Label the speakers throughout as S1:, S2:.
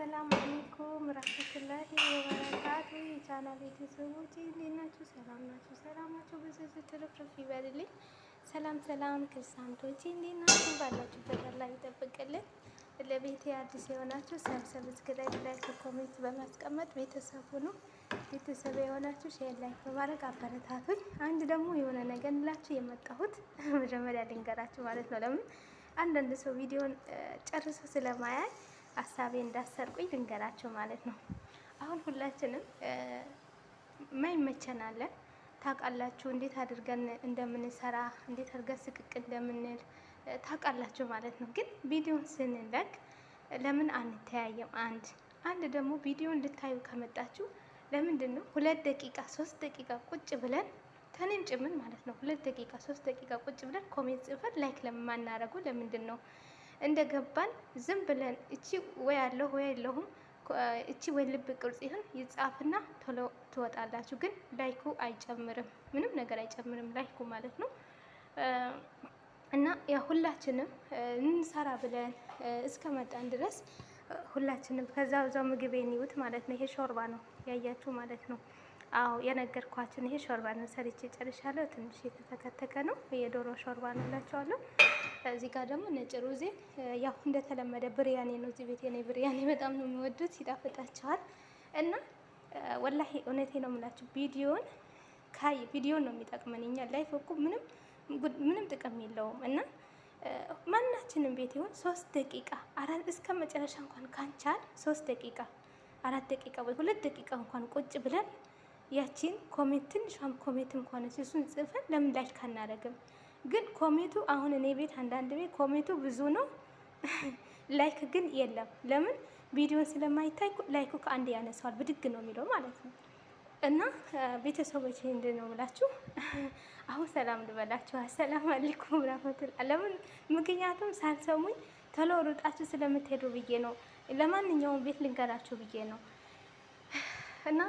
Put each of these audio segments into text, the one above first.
S1: አሰላሙ አለይኩም ረህመቱላሂ ወበረካቱ የቻናል ቤተሰቦች እንዴት ናችሁ? ሰላም ናችሁ? ሰላማችሁ ብዙ ትርፍርፍ ይበልልኝ። ሰላም ሰላም ክርስቲያኖች እንዴት ናችሁ? ባላችሁበት አላህ ይጠብቅልን። ለቤቴ አዲስ የሆናችሁ ሰብስክራይብ፣ ላይክ፣ ኮሜንት በማስቀመጥ ቤተሰብ ሁኑ። ቤተሰብ የሆናችሁ ሼር፣ ላይክ በማድረግ አበረታቱኝ። አንድ ደግሞ የሆነ ነገር እንላችሁ የመጣሁት መጀመሪያ ልንገራችሁ ማለት ነው። ለምን አንዳንድ ሰው ቪዲዮን ጨርሶ ስለማያይ ሀሳቤ እንዳሰርቁኝ ልንገራቸው ማለት ነው። አሁን ሁላችንም ማይመቸናለን ታውቃላችሁ፣ እንዴት አድርገን እንደምንሰራ እንዴት አድርገን ስቅቅ እንደምንል ታውቃላችሁ ማለት ነው። ግን ቪዲዮን ስንለቅ ለምን አንተያየም? አንድ አንድ ደግሞ ቪዲዮን ልታዩ ከመጣችሁ ለምንድን ነው ሁለት ደቂቃ ሶስት ደቂቃ ቁጭ ብለን ተንን ጭምን ማለት ነው። ሁለት ደቂቃ ሶስት ደቂቃ ቁጭ ብለን ኮሜንት ጽፈን ላይክ ለማናረጉ ለምንድን ነው? እንደ ገባን ዝም ብለን እቺ ወይ አለሁ ወይ የለሁም እቺ ወይ ልብ ቅርጽ ይሁን ይጻፍና ቶሎ ትወጣላችሁ። ግን ላይኩ አይጨምርም፣ ምንም ነገር አይጨምርም ላይኩ ማለት ነው። እና ያ ሁላችንም እንሰራ ብለን እስከ መጣን ድረስ ሁላችንም ከዛ ዛው ምግብ የሚውት ማለት ነው። ይሄ ሾርባ ነው ያያችሁ ማለት ነው። አዎ የነገርኳችሁን ይሄ ነው ሰርቼ ጨርሻለሁ። ትንሽ የተተከተከ ነው፣ የዶሮ ሾርባ ነው እላቸዋለሁ። እዚህ ጋር ደግሞ ነጭ ሩዜ፣ ያው እንደተለመደ ብርያኔ ነው። እዚህ ቤት የኔ ብርያኔ በጣም ነው የሚወዱት፣ ይጣፍጣቸዋል። እና ወላሂ እውነቴ ነው የምላችሁ ቪዲዮን ካይ ቪዲዮን ነው የሚጠቅመን። እኛ ላይፍ እኮ ምንም ምንም ጥቅም የለውም እና ማናችንም ቤት ይሁን ሶስት ደቂቃ አራት እስከ መጨረሻ እንኳን ካንቻል ሶስት ደቂቃ አራት ደቂቃ ወይ ሁለት ደቂቃ እንኳን ቁጭ ብለን ያቺን ኮሜት ትንሿም ኮሜት እንኳነች እሱን ጽፈን ለምን ላይክ አናደርግም? ግን ኮሜቱ አሁን እኔ ቤት አንዳንድ ቤት ኮሜቱ ብዙ ነው፣ ላይክ ግን የለም። ለምን ቪዲዮን ስለማይታይ ላይኩ ከአንድ ያነሳዋል፣ ብድግ ነው የሚለው ማለት ነው። እና ቤተሰቦች ምንድን ነው ብላችሁ አሁን ሰላም ልበላችሁ። አሰላም አለይኩም ራፈቱል ለምን ምክንያቱም ሳልሰሙኝ ቶሎ ሩጣችሁ ስለምትሄዱ ብዬ ነው። ለማንኛውም ቤት ልንገራችሁ ብዬ ነው። እና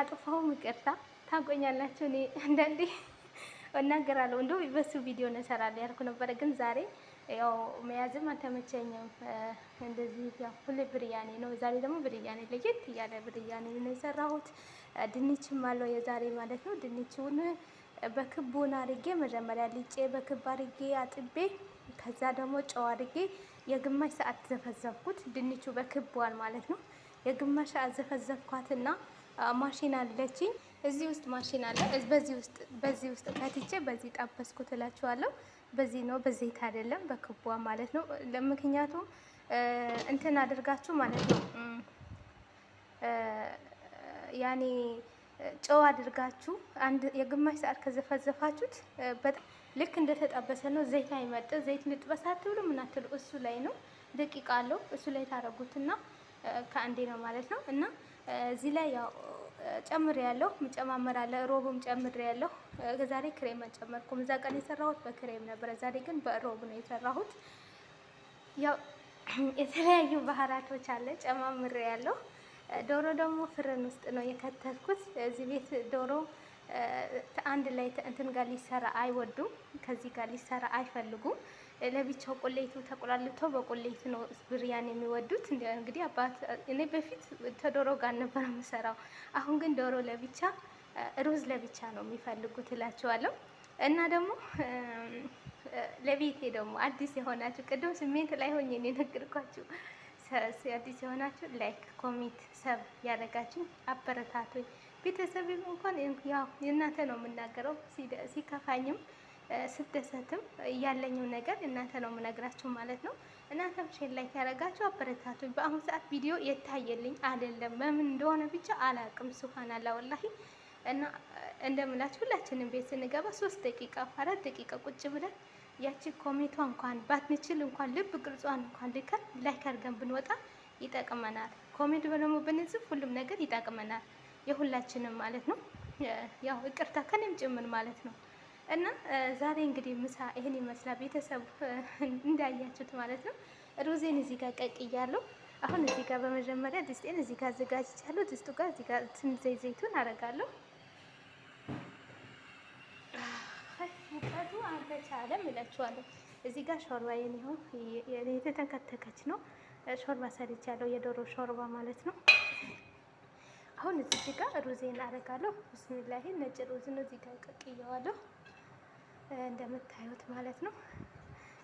S1: አጥፋውም ይቅርታ ታቆኛላችሁ። እኔ አንዳንዴ እናገራለሁ እንደው በሱ ቪዲዮ እንሰራለን ያልኩ ነበረ፣ ግን ዛሬ ያው መያዝም አልተመቸኝም። እንደዚህ ያው ሁሌ ብርያኔ ነው። ዛሬ ደግሞ ብርያኔ ለየት እያለ ብርያኔ ነው የሰራሁት። ድንችም አለው የዛሬ ማለት ነው። ድንቹን በክቡን አርጌ መጀመሪያ ልጬ በክብ አርጌ አጥቤ ከዛ ደግሞ ጨው አድርጌ የግማሽ ሰዓት ዘፈዘፍኩት። ድንቹ በክቧል ማለት ነው። የግማሽ አዘፈዘፍኳትና ማሽን አለችኝ። እዚህ ውስጥ ማሽን አለ። በዚህ ውስጥ በዚህ ውስጥ ከትቼ በዚህ ጠበስኩት እላችኋለሁ። በዚህ ነው በዘይት አይደለም፣ በክቧ ማለት ነው። ለምክንያቱም እንትን አድርጋችሁ ማለት ነው ያኔ ጨው አድርጋችሁ አንድ የግማሽ ሰዓት ከዘፈዘፋችሁት ልክ እንደተጠበሰ ነው። ዘይት አይመጥ ዘይት ልጥበሳት ብሎ እሱ ላይ ነው ደቂቃ አለው እሱ ላይ ታረጉትና ከአንዴ ነው ማለት ነው። እና እዚህ ላይ ያው ጨምር ያለው ምጨማመር አለ ሮብም ጨምር ያለው። ዛሬ ክሬም አልጨመርኩም። እዛ ቀን የሰራሁት በክሬም ነበረ። ዛሬ ግን በሮብ ነው የሰራሁት። ያው የተለያዩ ባህራቶች አለ ጨማምር ያለው። ዶሮ ደግሞ ፍርን ውስጥ ነው የከተትኩት። እዚህ ቤት ዶሮ አንድ ላይ እንትን ጋር ሊሰራ አይወዱም። ከዚህ ጋር ሊሰራ አይፈልጉም። ለብቻው ቆሌቱ ተቆላልቶ በቆሌቱ ነው ብርያን የሚወዱት። እንግዲህ አባት እኔ በፊት ተዶሮ ጋር ነበር የምሰራው። አሁን ግን ዶሮ ለብቻ ሩዝ ለብቻ ነው የሚፈልጉት እላቸዋለሁ። እና ደግሞ ለቤቴ ደግሞ አዲስ የሆናችሁ ቅድም ስሜት ላይ ሆኜ ነው የነገርኳችሁ። አዲስ የሆናችሁ ላይክ፣ ኮሜንት፣ ሰብ ያደረጋችሁ አበረታቶኝ ቤተሰብ እንኳን ያው የእናንተ ነው የምናገረው ሲከፋኝም ስደሰትም ያለኝው ነገር እናንተ ነው የምነግራችሁ ማለት ነው። እናንተም ሼር ላይክ ያደረጋችሁ አበረታቶች። በአሁኑ ሰዓት ቪዲዮ የታየልኝ አይደለም በምን እንደሆነ ብቻ አላቅም። ሱብሃናላ ወላሂ እና እንደምላችሁ ሁላችንም ቤት ስንገባ ሶስት ደቂቃ አራት ደቂቃ ቁጭ ብለን ያቺ ኮሜቷ እንኳን ባትንችል እንኳን ልብ ቅርጿን እንኳን ልከን ላይክ አድርገን ብንወጣ ይጠቅመናል። ኮሜንት በደግሞ ብንጽፍ ሁሉም ነገር ይጠቅመናል፣ የሁላችንም ማለት ነው። ያው ይቅርታ ከኔም ጭምር ማለት ነው። እና ዛሬ እንግዲህ ምሳ ይህን ይመስላል ቤተሰብ እንዳያችሁት ማለት ነው። ሩዜን እዚህ ጋር ቀቅ ቀቅያለሁ። አሁን እዚህ ጋር በመጀመሪያ ድስጤን እዚህ ጋር አዘጋጅቻለሁ። ድስቱ ጋር እዚህ ጋር ዘይት ዘይቱን አደርጋለሁ። ሙቀቱ አልተቻለም እላችኋለሁ። እዚህ ጋር ሾርባ የሚሆን የተተከተከች ነው። ሾርባ ሰርቻለሁ፣ የዶሮ ሾርባ ማለት ነው። አሁን እዚህ ጋር ሩዜን አደርጋለሁ። ብስሚላሂ ነጭ ሩዝ ነው እዚህ ጋር ቀቅየዋለሁ። እንደምታዩት ማለት ነው።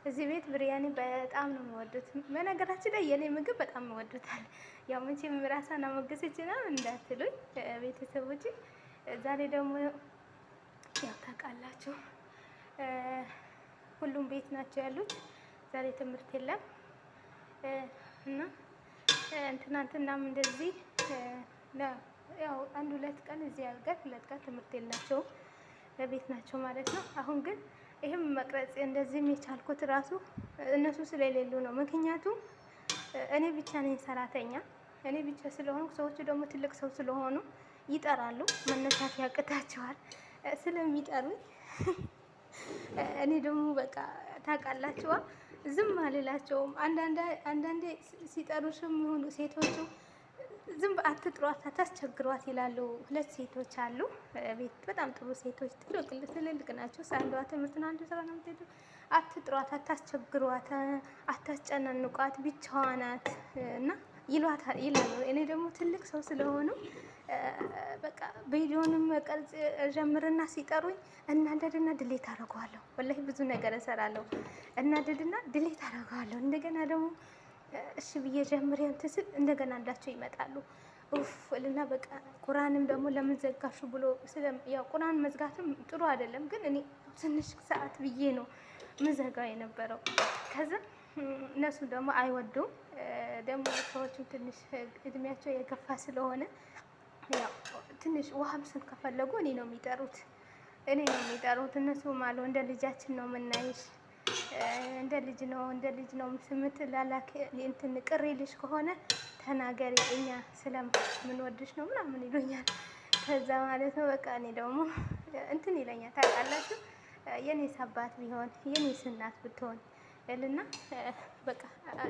S1: እዚህ ቤት ብርያኒ በጣም ነው የምወዱት። በነገራችን ላይ የኔ ምግብ በጣም ይወዱታል ያው መቼም ና አሞገሰች ይችላል እንዳትሉኝ ቤተሰቦች። ዛሬ ደግሞ ያው ታውቃላችሁ ሁሉም ቤት ናቸው ያሉት። ዛሬ ትምህርት የለም እና እንትናንትናም እንደዚህ ያው አንድ ሁለት ቀን እዚህ አልጋ ሁለት ቀን ትምህርት የላቸውም። ቤት ናቸው ማለት ነው። አሁን ግን ይህም መቅረጽ እንደዚህም የቻልኩት ራሱ እነሱ ስለሌሉ ነው። ምክንያቱም እኔ ብቻ ነኝ ሰራተኛ። እኔ ብቻ ስለሆኑ ሰዎቹ ደግሞ ትልቅ ሰው ስለሆኑ ይጠራሉ። መነሳት ያቅታቸዋል ስለሚጠሩኝ እኔ ደግሞ በቃ ታውቃላችኋ፣ ዝም አልላቸውም። አንዳንዴ ሲጠሩሽም የሆኑ ሴቶቹ ዝም አትጥሯት፣ አታስቸግሯት ይላሉ። ሁለት ሴቶች አሉ ቤት በጣም ጥሩ ሴቶች ትልቅ ትልልቅ ናቸው። አንዷ ትምህርትና አንዱ ስራ ነው የምትሄዱ። አትጥሯት፣ አታስቸግሯት፣ አታስጨናንቋት ብቻዋ ናት እና ይሏታል ይላሉ። እኔ ደግሞ ትልቅ ሰው ስለሆኑ በቃ ቪዲዮንም ቀርጽ ጀምርና ሲጠሩኝ እናደድና ድሌት አደርገዋለሁ። ወላሂ ብዙ ነገር እሰራለሁ። እናደድና ድሌት አደርገዋለሁ። እንደገና ደግሞ እሺ ብዬ ጀምሬ እንትን ስል እንደገና እንዳቸው ይመጣሉ። ኡፍ ልና በቃ ቁርአንም ደግሞ ለምን ዘጋሹ ብሎ ያው ቁርአን መዝጋትም ጥሩ አይደለም፣ ግን እኔ ትንሽ ሰዓት ብዬ ነው ምዘጋው የነበረው። ከዛ እነሱ ደግሞ አይወዱም። ደግሞ ሰዎችም ትንሽ እድሜያቸው የገፋ ስለሆነ ያው ትንሽ ውሃም ስን ከፈለጉ እኔ ነው የሚጠሩት እኔ ነው የሚጠሩት። እነሱ ማለት እንደ ልጃችን ነው የምናይሽ እንደ ልጅ ነው እንደ ልጅ ነው ስምትላላክ እንትን ቅር ይልሽ ከሆነ ተናገሪ፣ እኛ ስለምንወድሽ ነው ምናምን ይሉኛል። ከዛ ማለት ነው በቃ እኔ ደግሞ እንትን ይለኛል። ታውቃላችሁ የኔስ አባት ቢሆን የኔስ እናት ብትሆን እልና በቃ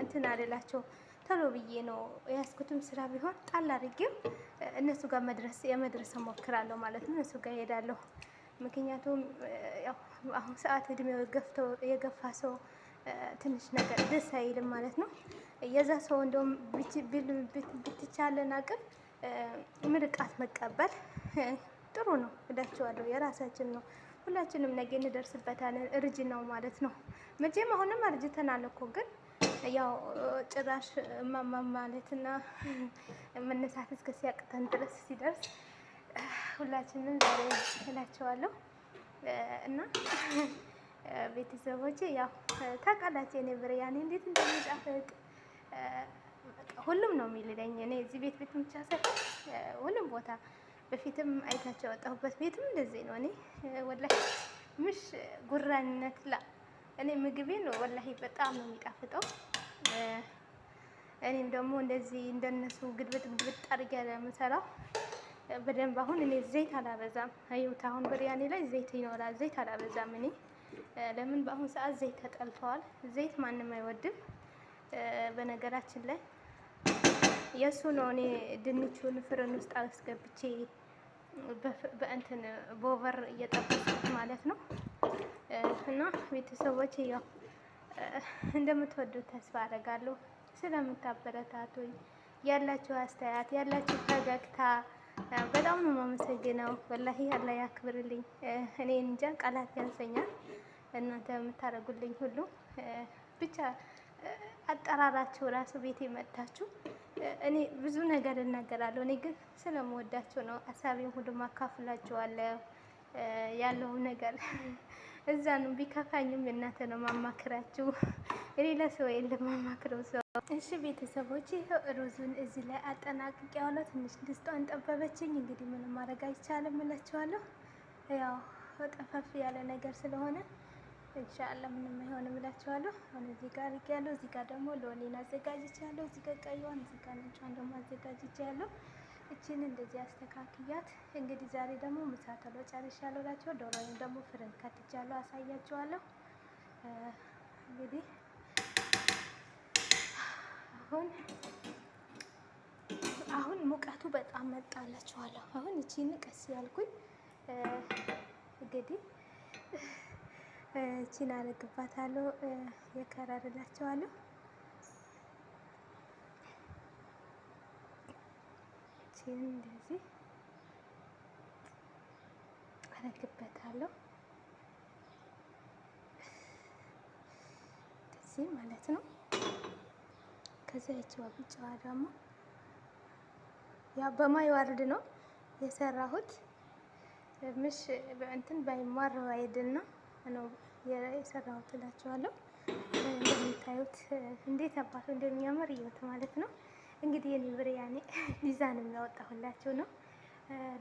S1: እንትን አልላቸው ቶሎ ብዬ ነው የያዝኩትም ስራ ቢሆን ጣል አድርጌው እነሱ ጋር መድረስ የመድረስ ሞክራለሁ ማለት ነው። እነሱ ጋር እሄዳለሁ ምክንያቱም ያው አሁን ሰዓት እድሜው የገፋ ሰው ትንሽ ነገር ደስ አይልም ማለት ነው። የዛ ሰው እንደውም ብትቻለን አቅም ምርቃት መቀበል ጥሩ ነው እላችኋለሁ። የራሳችን ነው። ሁላችንም ነገ እንደርስበታለን። እርጅ ነው ማለት ነው። መቼም አሁንም አርጅተናል እኮ ግን ያው ጭራሽ እማማ ማለትና መነሳት እስከ ሲያቅተን ድረስ ሲደርስ ሁላችንም ዛሬ እላቸዋለሁ። እና ቤተሰቦች ያው ታውቃላችሁ የኔ ብርያኔ እንዴት እንደሚጣፍጥ ሁሉም ነው የሚልለኝ። እኔ እዚህ ቤት ቤት ብቻ ሳይሆን ሁሉም ቦታ በፊትም አይታቸው የወጣሁበት ቤትም እንደዚህ ነው። እኔ ወላሂ ምሽ ጉራነት ላ እኔ ምግቤን ወላሂ በጣም ነው የሚጣፍጠው። እኔም ደግሞ እንደዚህ እንደነሱ ግድብጥ ግድብት አድርጌ የምሰራው በደንብ አሁን እኔ ዘይት አላበዛም። ይኸውት አሁን ብርያኔ ላይ ዘይት ይኖራል። ዘይት አላበዛም እኔ ለምን በአሁን ሰዓት ዘይት ተጠልፈዋል። ዘይት ማንም አይወድም። በነገራችን ላይ የእሱ ነው። እኔ ድንቹን ፍርን ውስጥ አስገብቼ በእንትን ቦቨር እየጠበስኩት ማለት ነው። እና ቤተሰቦች ያው እንደምትወዱት ተስፋ አደርጋለሁ። ስለምታበረታቱኝ ያላችሁ አስተያየት ያላችሁ ፈገግታ በጣም ነው የማመሰግነው። ወላሂ አላህ ያክብርልኝ። እኔ እንጃ ቃላት ያንሰኛል። እናንተ የምታደርጉልኝ ሁሉ ብቻ አጠራራችሁ ራሱ ቤት መጣችሁ። እኔ ብዙ ነገር እናገራለሁ። እኔ ግን ስለምወዳችሁ ነው። ሀሳቤን ሁሉ ማካፍላችኋለሁ። ያለው ነገር እዛ ነው። ቢከፋኝም እናንተ ነው ማማክራችሁ ሌላ ሰው የለም ሰው። እሺ ቤተሰቦች ይኸው ሩዙን እዚህ ላይ አጠናቅቄዋለሁ። ትንሽ ድስቷን ጠበበችኝ። እንግዲህ ምንም ማድረግ አይቻልም እላችኋለሁ። ያው ጠፈፍ ያለ ነገር ስለሆነ ኢንሻአላህ ምንም አይሆንም እላችኋለሁ። አሁን እዚህ ጋር አድርጌያለሁ። እዚህ ጋር ደግሞ ሎሌን አዘጋጅቻለሁ። እዚህ ጋር ቀይዋን፣ እዚህ ጋር ነጯን ደግሞ አዘጋጅቻለሁ። እችን እንደዚህ አስተካክያት። እንግዲህ ዛሬ ደግሞ ምሳ ተሎ ጨርሻለሁ እላችኋለሁ። ዶሮውን ደግሞ ፍርን ከትቻለሁ፣ አሳያችኋለሁ እንግዲህ አሁን አሁን ሙቀቱ በጣም መጣላችኋለሁ። አሁን እቺን ቀስ ያልኩኝ እንግዲህ እቺን አረግባታለሁ የከረርላችኋለሁ። እቺን እንደዚህ አረግበታለሁ እንደዚህ ማለት ነው። ከዛ ይችዋ ቢጫዋ ደግሞ ያ በማይዋርድ ነው የሰራሁት። ምሽ እንትን ባይማረው አይድና ነው ነው የሰራሁት እላችኋለሁ። እንደምታዩት እንዴት አባቱ እንደሚያምር እዩት ማለት ነው። እንግዲህ የኔ ብርያኔ ያኔ ዲዛይን የሚያወጣሁላችሁ ነው።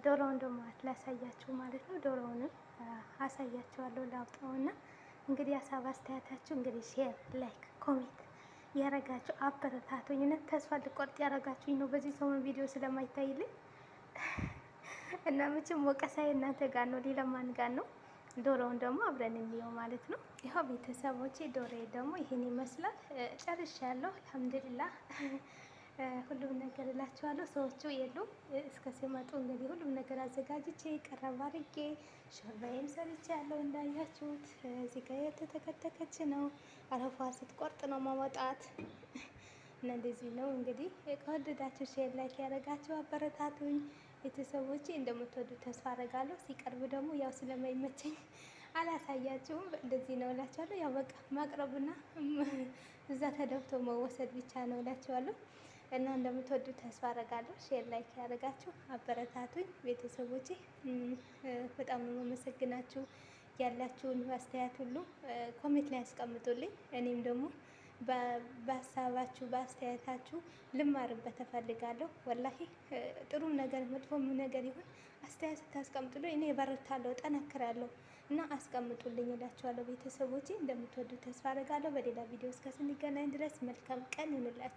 S1: ዶሮውን ደግሞ ላሳያችሁ ማለት ነው። ዶሮውንም አሳያችኋለሁ ላውጣውና እንግዲህ ሀሳብ አስተያየታችሁ እንግዲህ ሼር፣ ላይክ፣ ኮሜንት ያረጋችሁ አበረታቶኝ እውነት ተስፋ ልቆርጥ ያረጋችሁኝ ነው። በዚህ ሰሞን ቪዲዮ ስለማይታይልኝ እና መቼም ወቀሳዬ እናንተ ጋር ነው፣ ሌላ ማን ጋር ነው? ዶሮውን ደግሞ አብረን እንየው ማለት ነው። ይኸው ቤተሰቦቼ ዶሮዬ ደግሞ ይህን ይመስላል። ጨርሻለሁ። አልሐምዱሊላህ ሁሉም ነገር እላችኋለሁ። ሰዎቹ የሉም እስከ ሲመጡ እንግዲህ ሁሉም ነገር አዘጋጅቼ ቀረብ አድርጌ ሾርባዬም ሰርቼ ያለው እንዳያችሁት እዚህ ጋር የተተከተከች ነው። አረፋ ስትቆርጥ ነው ማወጣት እና እንደዚህ ነው እንግዲህ። ከወደዳችሁ ሼር ላይክ ያደረጋችሁ አበረታቱኝ ቤተሰቦቼ። እንደምትወዱ ተስፋ አደርጋለሁ። ሲቀርብ ደግሞ ያው ስለማይመቸኝ አላሳያችሁም እንደዚህ ነው እላችኋለሁ። ያው በቃ ማቅረብና እዛ ተደብቶ መወሰድ ብቻ ነው እላችኋለሁ። እና እንደምትወዱ ተስፋ አረጋለሁ። ሼር ላይክ ያደረጋችሁ አበረታቱኝ ቤተሰቦቼ፣ በጣም ነው የማመሰግናችሁ። ያላችሁን አስተያየት ሁሉ ኮሜንት ላይ አስቀምጡልኝ። እኔም ደግሞ በሀሳባችሁ በአስተያየታችሁ ልማርበት እፈልጋለሁ። ወላሂ ጥሩም ነገር መጥፎም ነገር ይሁን አስተያየት ስታስቀምጡልኝ እኔ እበረታለሁ፣ እጠነክራለሁ እና አስቀምጡልኝ እላችኋለሁ ቤተሰቦቼ። እንደምትወዱ ተስፋ አረጋለሁ። በሌላ ቪዲዮ እስከ ስንገናኝ ድረስ መልካም ቀን ይሁንላችሁ።